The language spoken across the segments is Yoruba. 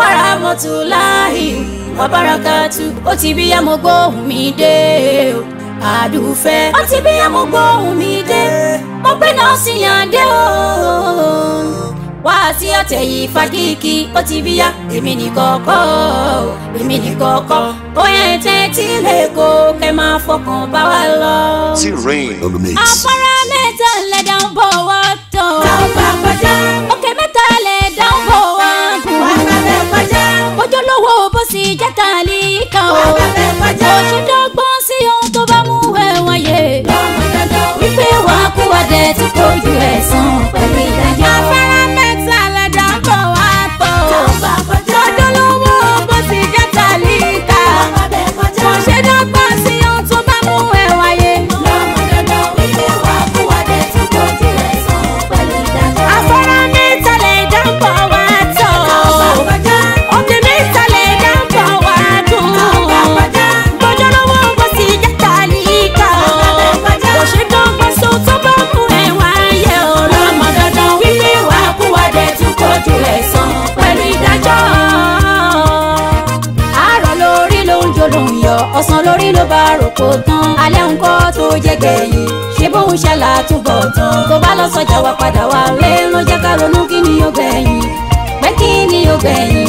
wàràmọ́tòláhì wàbárakàtú ó ti bí yá mo gbóhùn mi dé o àdùfẹ́ ó ti bí yá mo gbóhùn mi dé mo pé náà yàn dé o wá sí ọ̀tẹ̀ yìí fagíkì ó ti bí yá èmi nìkọ̀ọ̀kọ̀ èmi nìkọ̀ọ̀kọ̀ bóyá ẹ̀tẹ́ tí lè kó kẹ́ máa fọkàn bá wa lọ. tí rain olùmíx. àpárá mẹ́ta lẹ́dá ń bọ̀ wọ́tọ̀. táwọn bá tán. tó bá lọ sọjà wa padà wá lé ló jẹ́ ká ronú kí ni yóò gbẹ̀yìn pé kí ni yóò gbẹ̀yìn.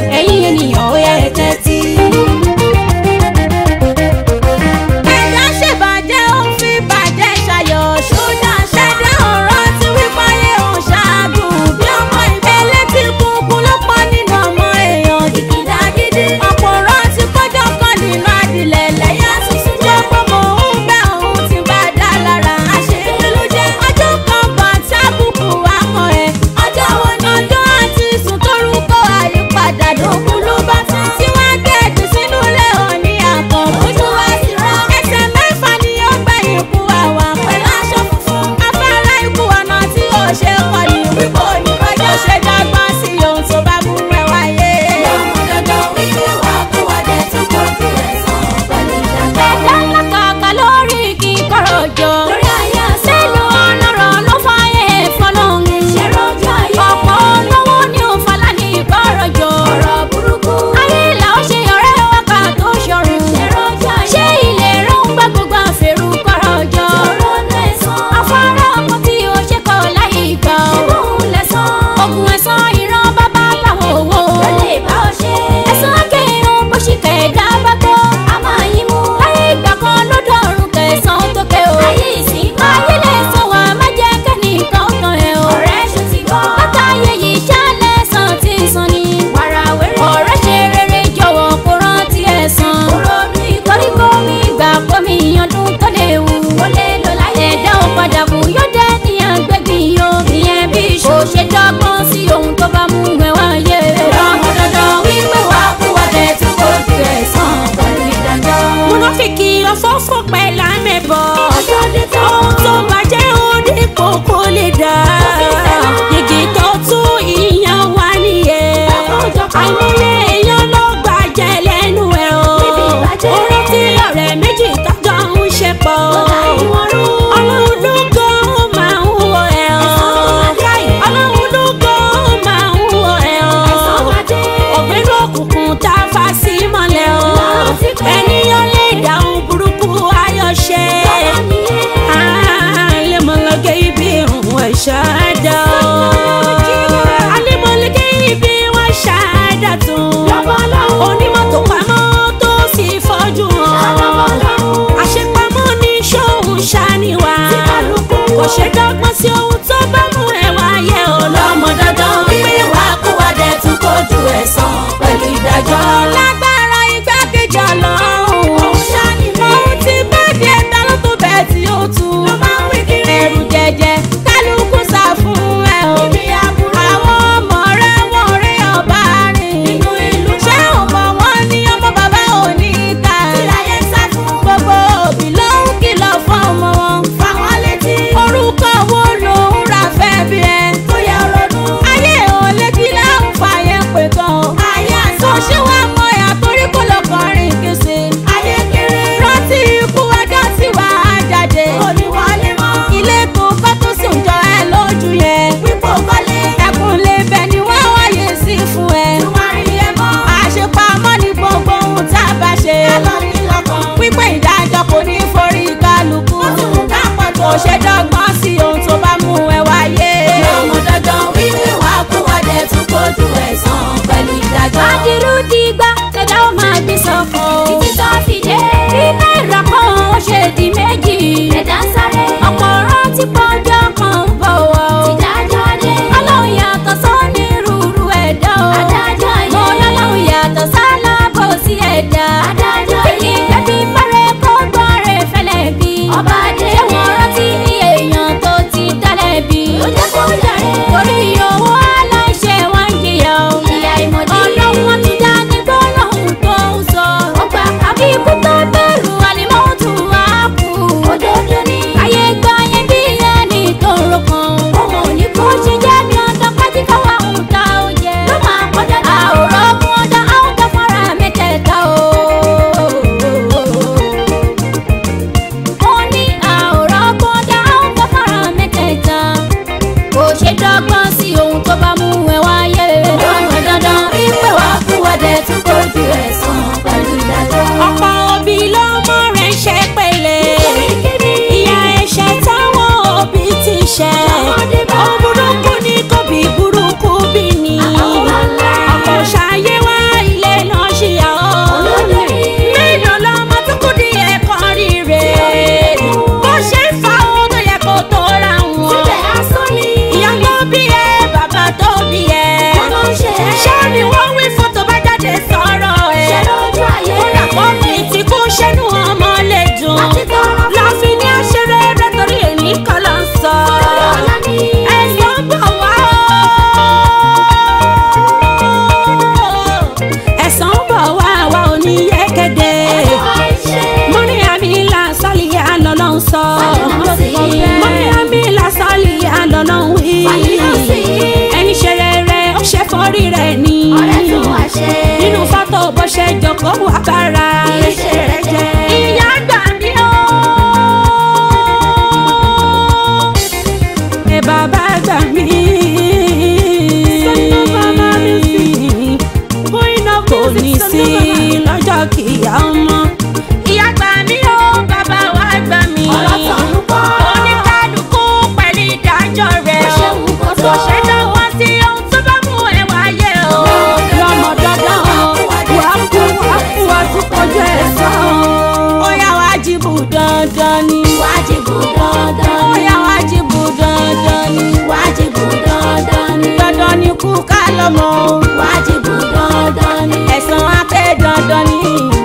ọmọ. wájibù dandan ni. ẹ̀san apẹ́ dandan ni.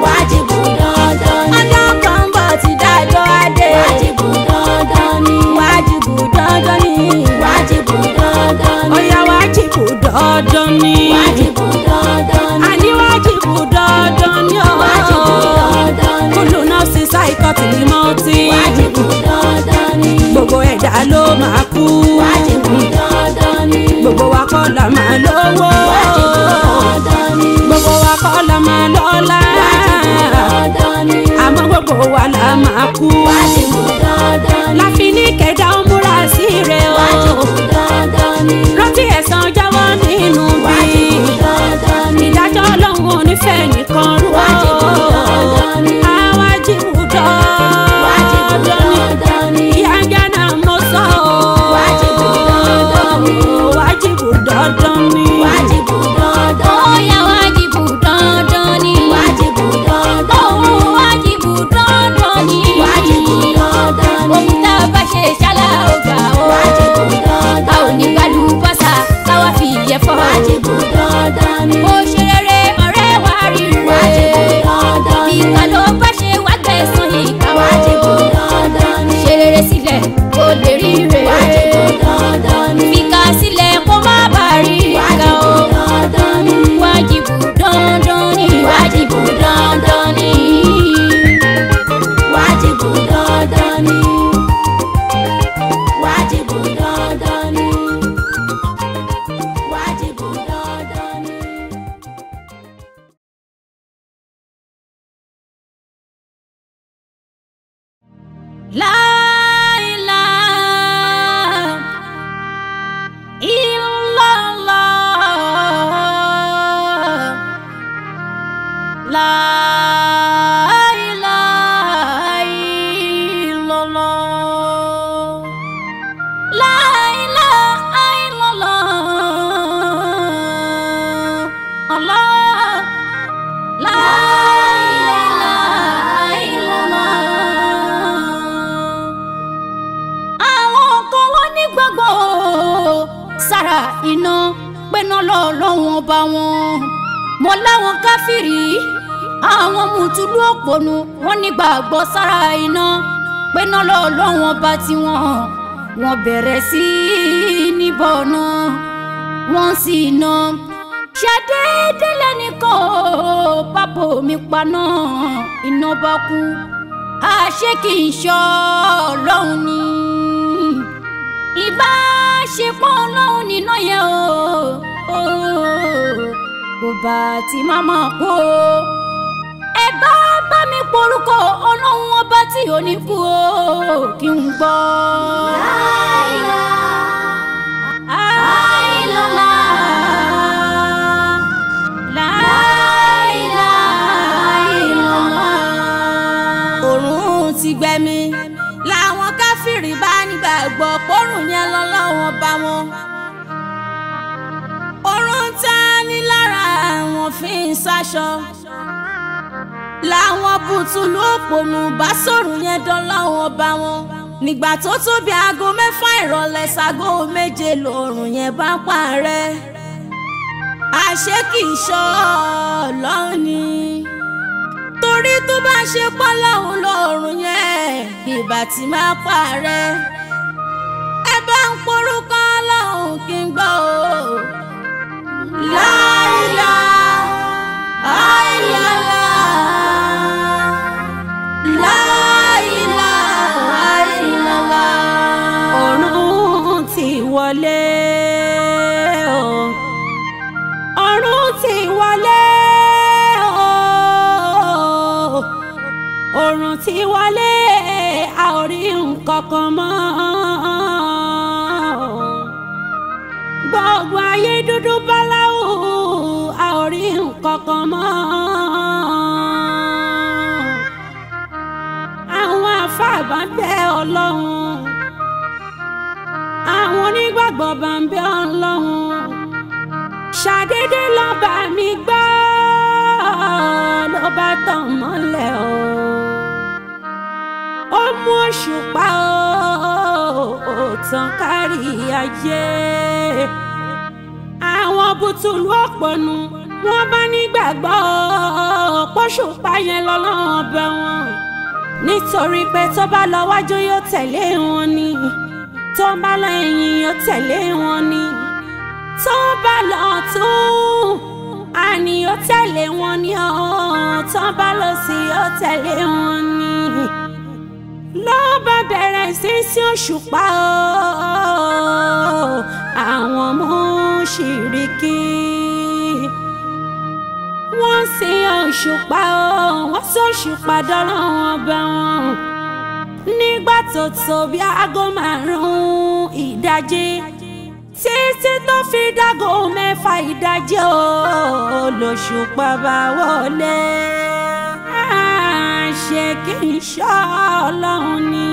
wájibù dandan ni. ọjọ́ kan bọ̀ tí dájọ́ adé. wájibù dandan ni. wájibù dandan ni. wájibù dandan ni. ọ̀yà wájibù dandan ni. wájibù dandan ni. àní wájibù dandan ni. wájibù dandan ni. kúlù náà sí sáìkọ́tì ní mọ́tì. wájibù dandan ni. gbogbo ẹ̀dá ló máa kú gbogbo wa kọ́ la máa lówó gbogbo wa kọ́ la máa lọ́lá àmọ́ gbogbo wa la máa kú láfi ní kẹjà ó múra sí rẹ o rántí ẹ̀san jáwọ́ nínú bí ìdájọ́ ọlọ́run onífẹ̀ẹ́ nìkan rú o àwájú dọ́ọ̀dá. desse kì í ṣọ́ ọlọ́run ni ìbáṣepọ̀ ọlọ́run nínú yẹn o kò bá ti máa mọ̀ kó ẹ bá bá mi porúkọ ọlọ́run ọba tí ò ní kú o kí n gbọ́. láìláì. wọn. Orun tá ní lára wọn fi ń sáṣọ. Làwọn bùtùlù òpònú bá sọ̀rọ̀ yẹn dán láwọn ọba wọn. Nígbà tó tó bí aago mẹ́fà ìrọ̀lẹ́ sago méje lòrùn yẹn bá parẹ́. Àṣé kì í ṣọ́ ọlọ́ni. Torí tó bá ṣe pọ́ lọ́hùn lòrùn yẹn, ìbà máa parẹ́. Ẹ bá ń porúkọ wù kí n gbọ́ o. láìla àìlala ọ̀run ti wọlé o ti wọlé o ti wọlé a ò rí nǹkan kan mọ́ gbogbo ayé dúdú báláwo a ò rí nǹkan kan mọ́. àwọn afáàbá ń bẹ ọlọ́run àwọn onígbàgbọ́ bá ń bẹ ọlọ́run ṣàdédé lọ́ba mi gbọ́ ló bá mọ́lẹ̀ o ó mú òṣùpá o tàn kárí ayé bùtùlù ọ̀pọ̀nù wọ́n bá nígbàgbọ́ pọ́ṣùpá yẹn lọ́lọ́run ọbẹ̀ wọn nítorí pé tó bá lọ wájú yóò tẹ̀lé wọn ni tó bá lọ ẹ̀yìn yóò tẹ̀lé wọn ni tó bá lọ tún àní yóò tẹ̀lé wọn ni ọ̀ tó bá lọ sí yóò tẹ̀lé wọn ni ló bá bẹ̀rẹ̀ sí sí òṣùpá o àwọn mùṣìríkì wọ́n sì òṣùpá o wọ́n sì òṣùpá dọ́rọ̀ wọn bá wọn nígbà tó tó bí aago márùn-ún ìdajì títí tó fi dágò mẹ́fà ìdajì o lòṣùpá bá wọlé ṣe kí n ṣọ́ ọlọ́run ni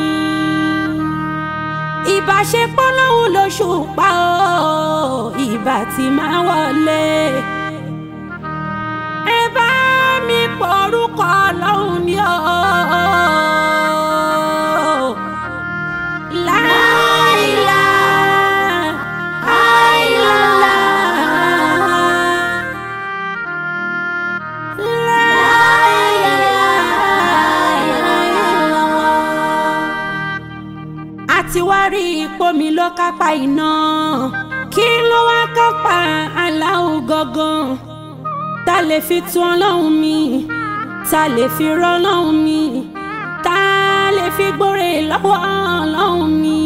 ìbáṣepọ̀ lọ́hùn lóṣùpá o ìbá ti máa wọlé ẹ bá mi pọ̀ orúkọ ọlọ́run ni o. pómi ló kápá iná kí ló wá kápá aláwo gangan ta lè fi tún ọlọ́run mi ta lè fi rọ́ ọlọ́run mi ta lè fi gbòòrè lọ́wọ́ ọlọ́run mi.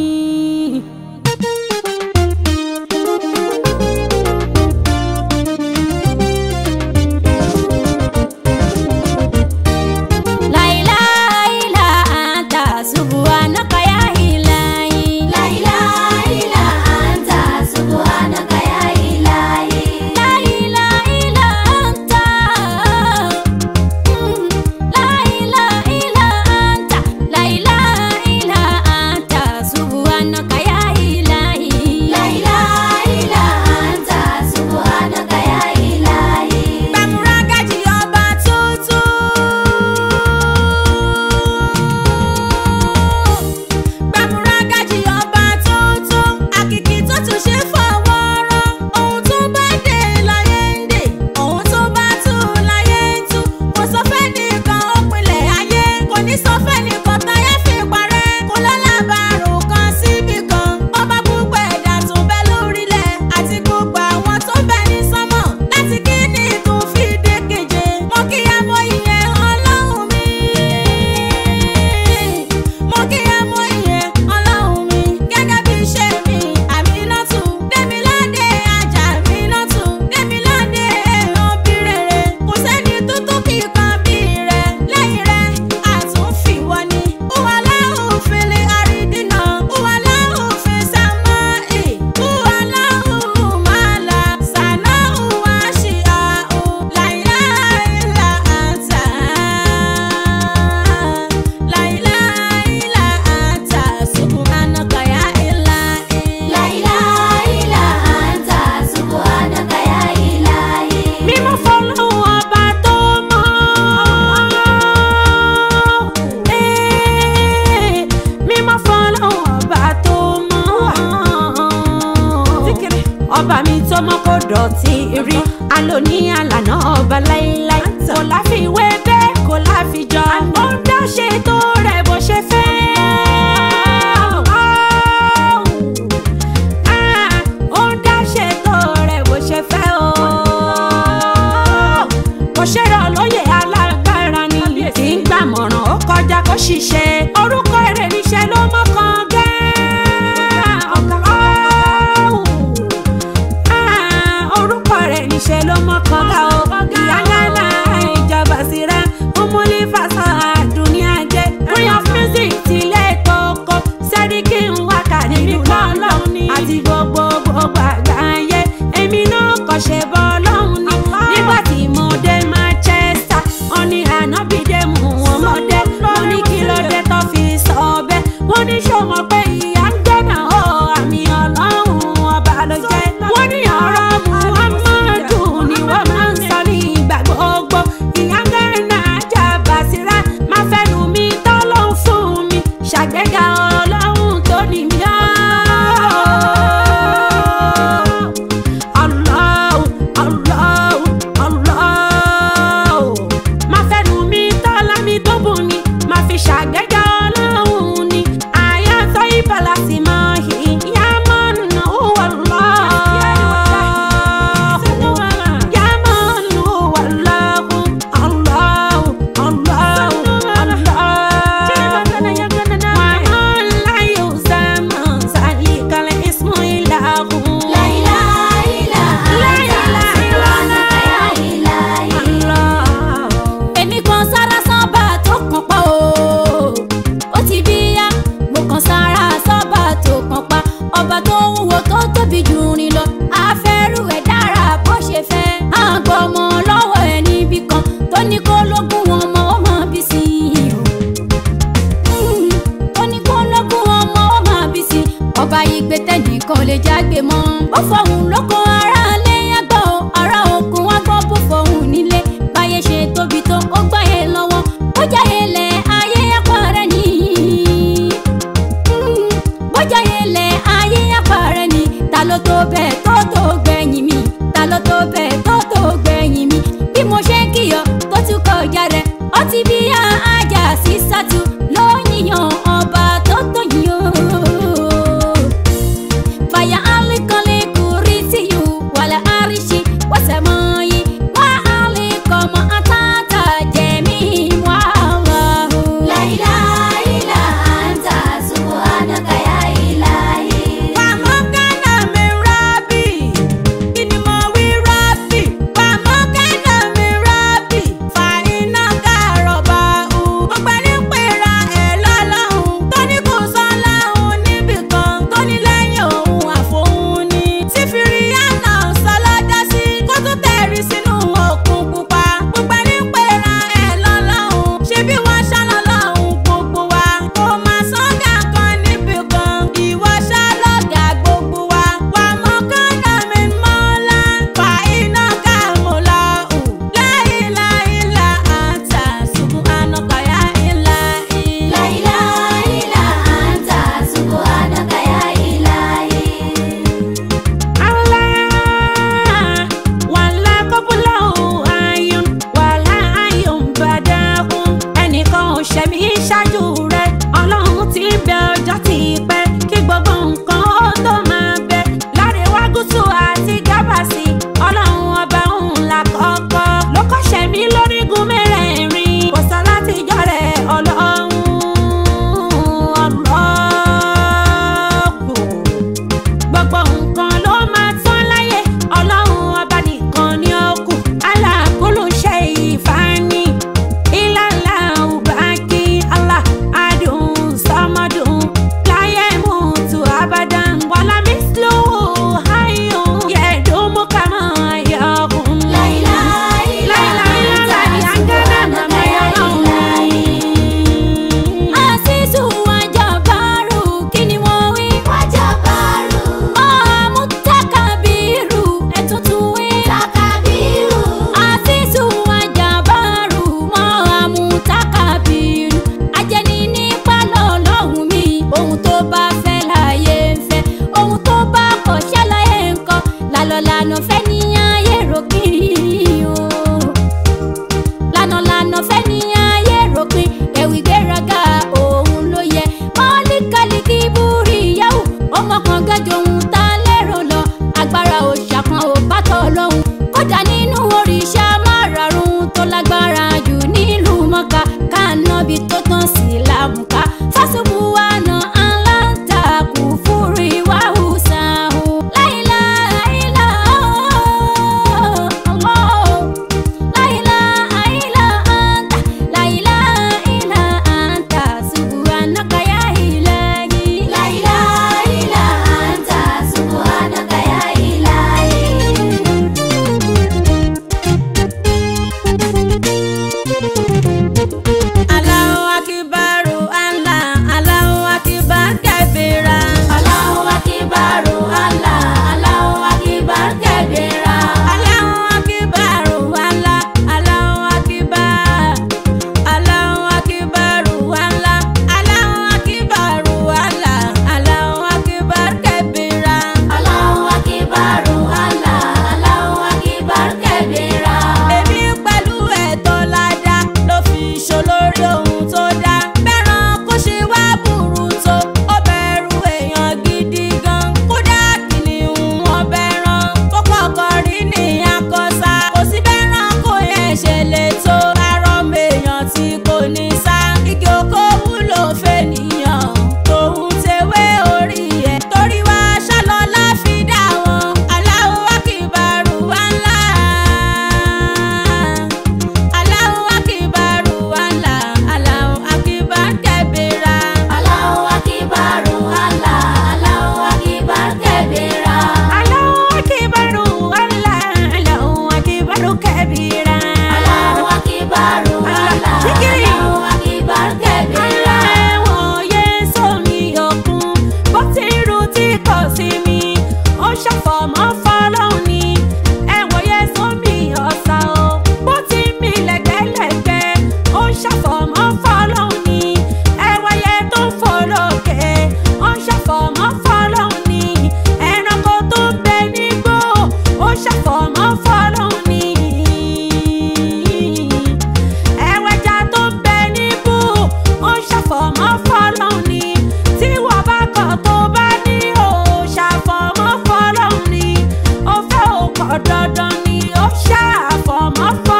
dandan ni ó ṣàfọmọ́fọ́.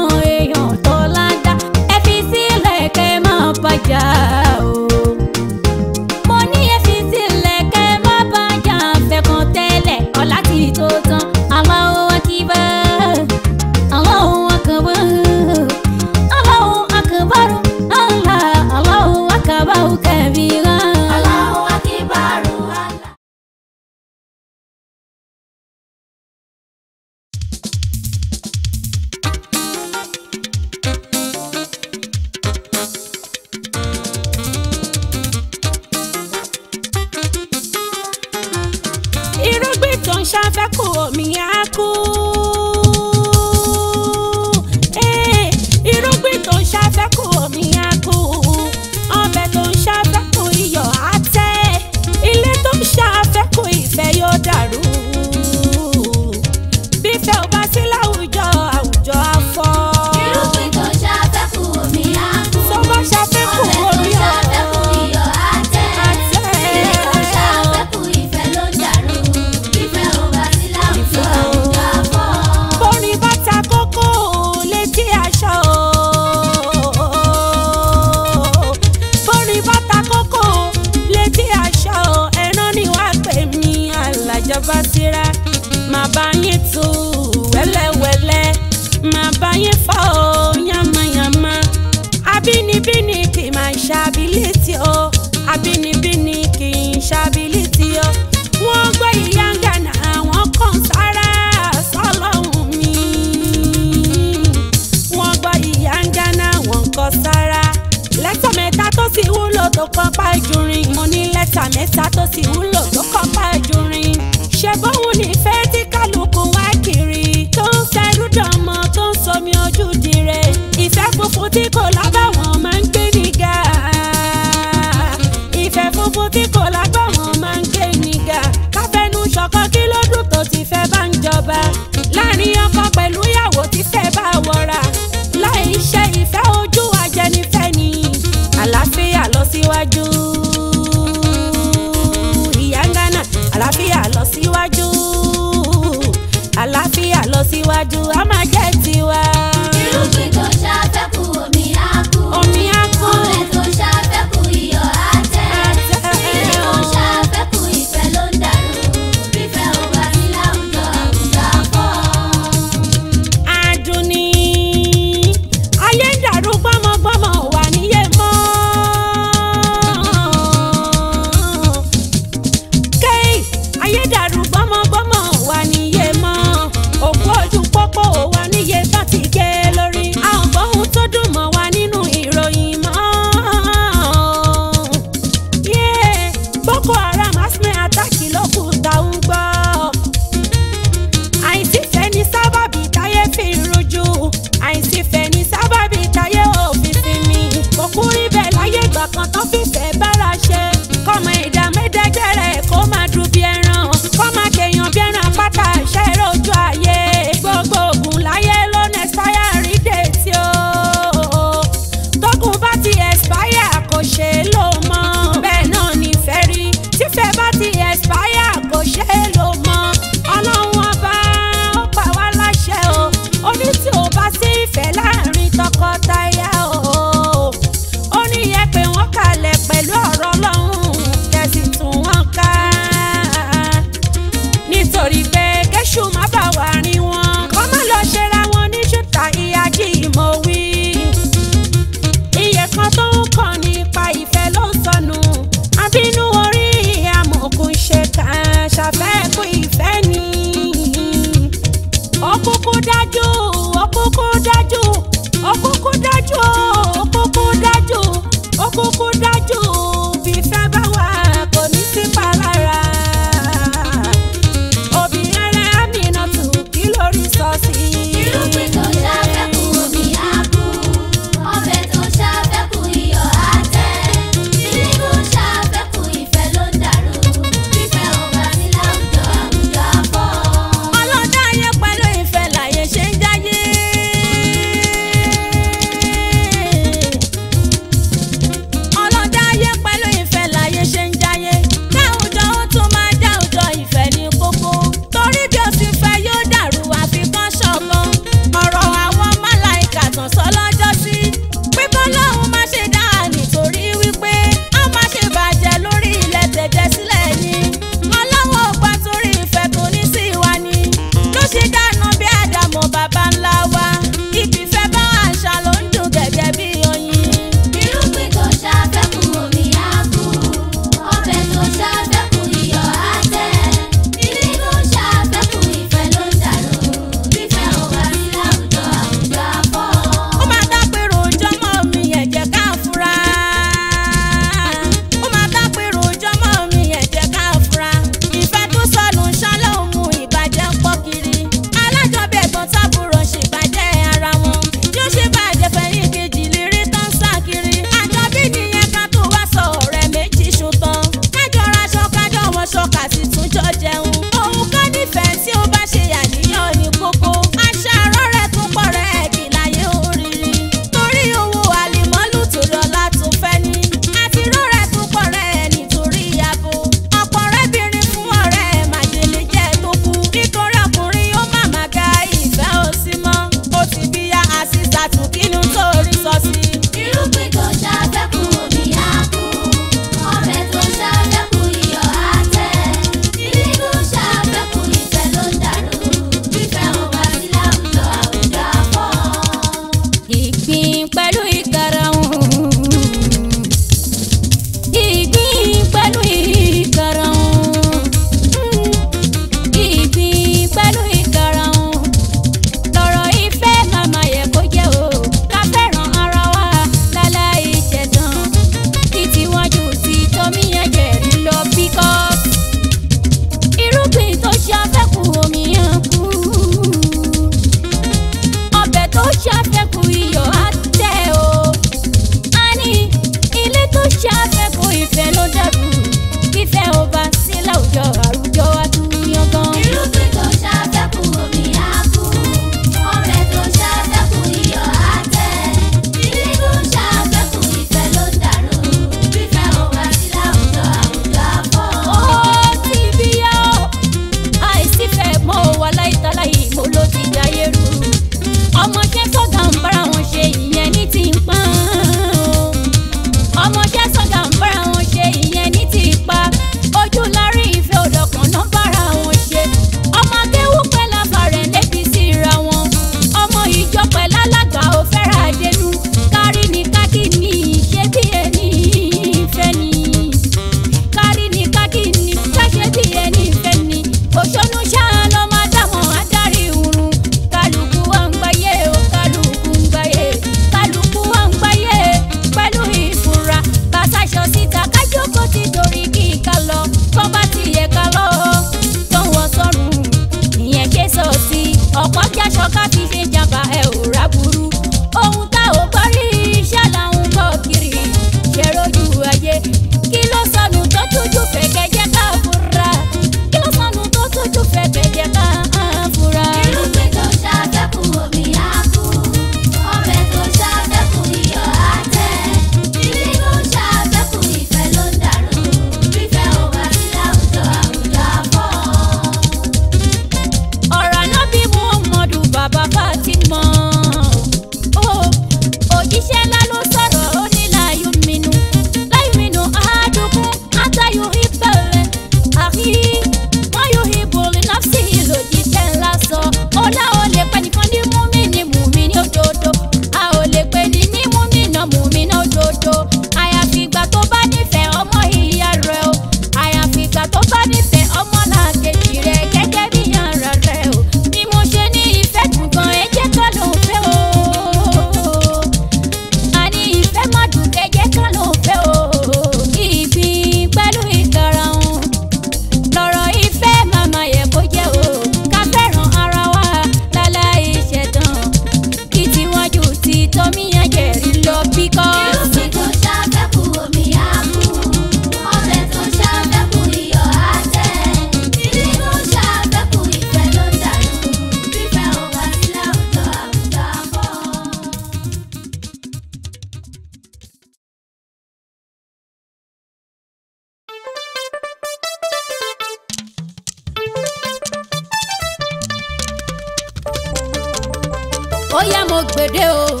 Yo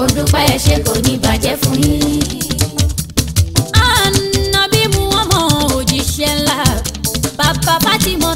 mo dúpẹ́ ẹ ṣé kò ní bàjẹ́ fún yín. ànábì mú ọmọ òjíṣẹ́ ńlá bàbá bá ti mọ̀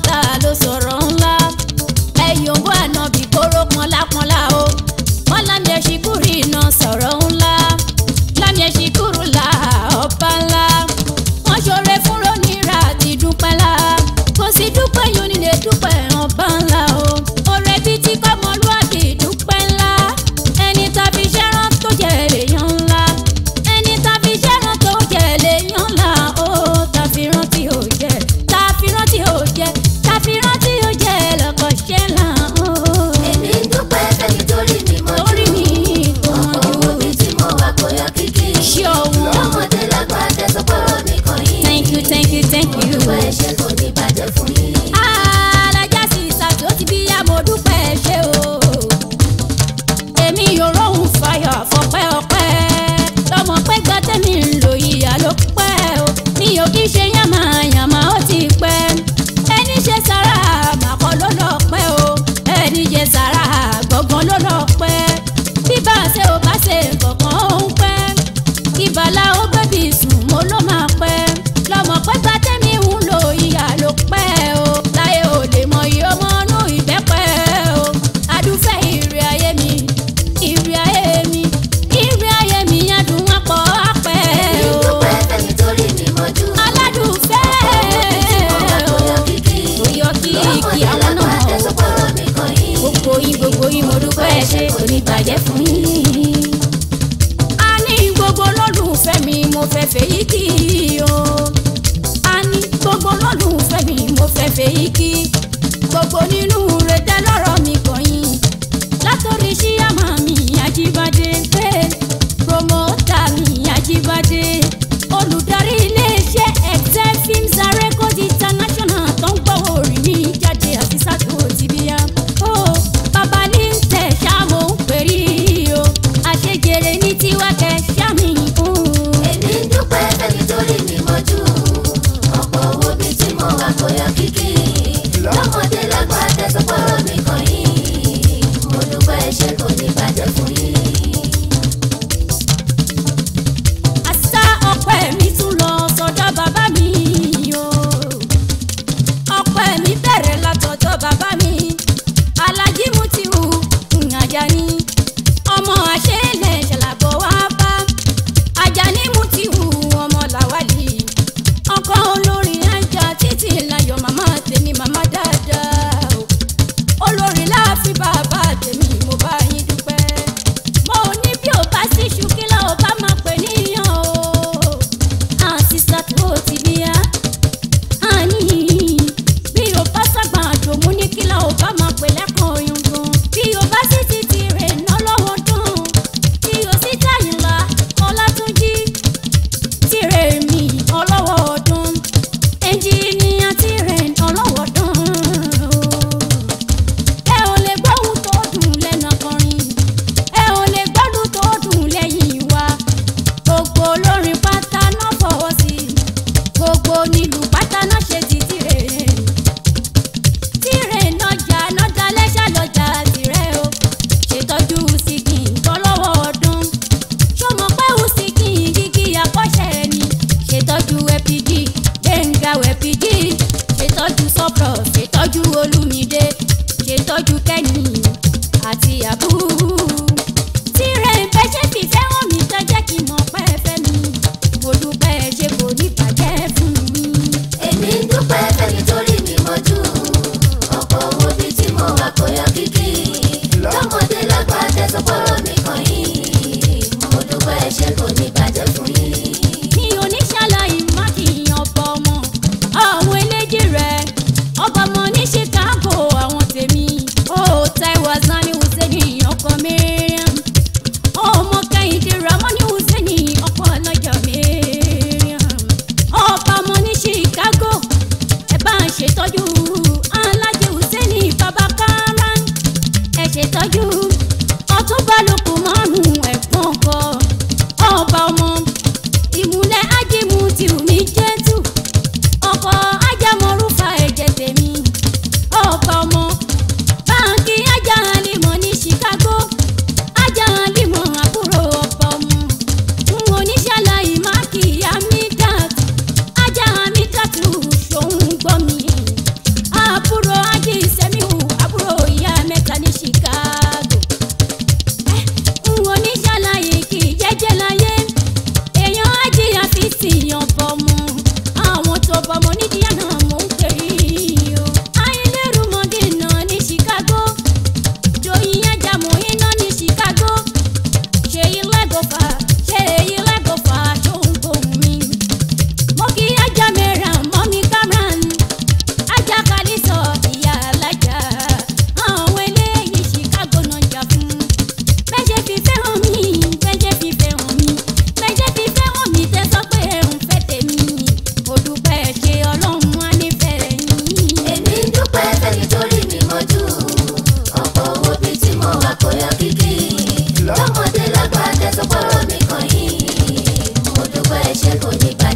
tó gbọ́rọ̀ mi kàn yín mo dúpẹ́ ṣé kò ní báyìí.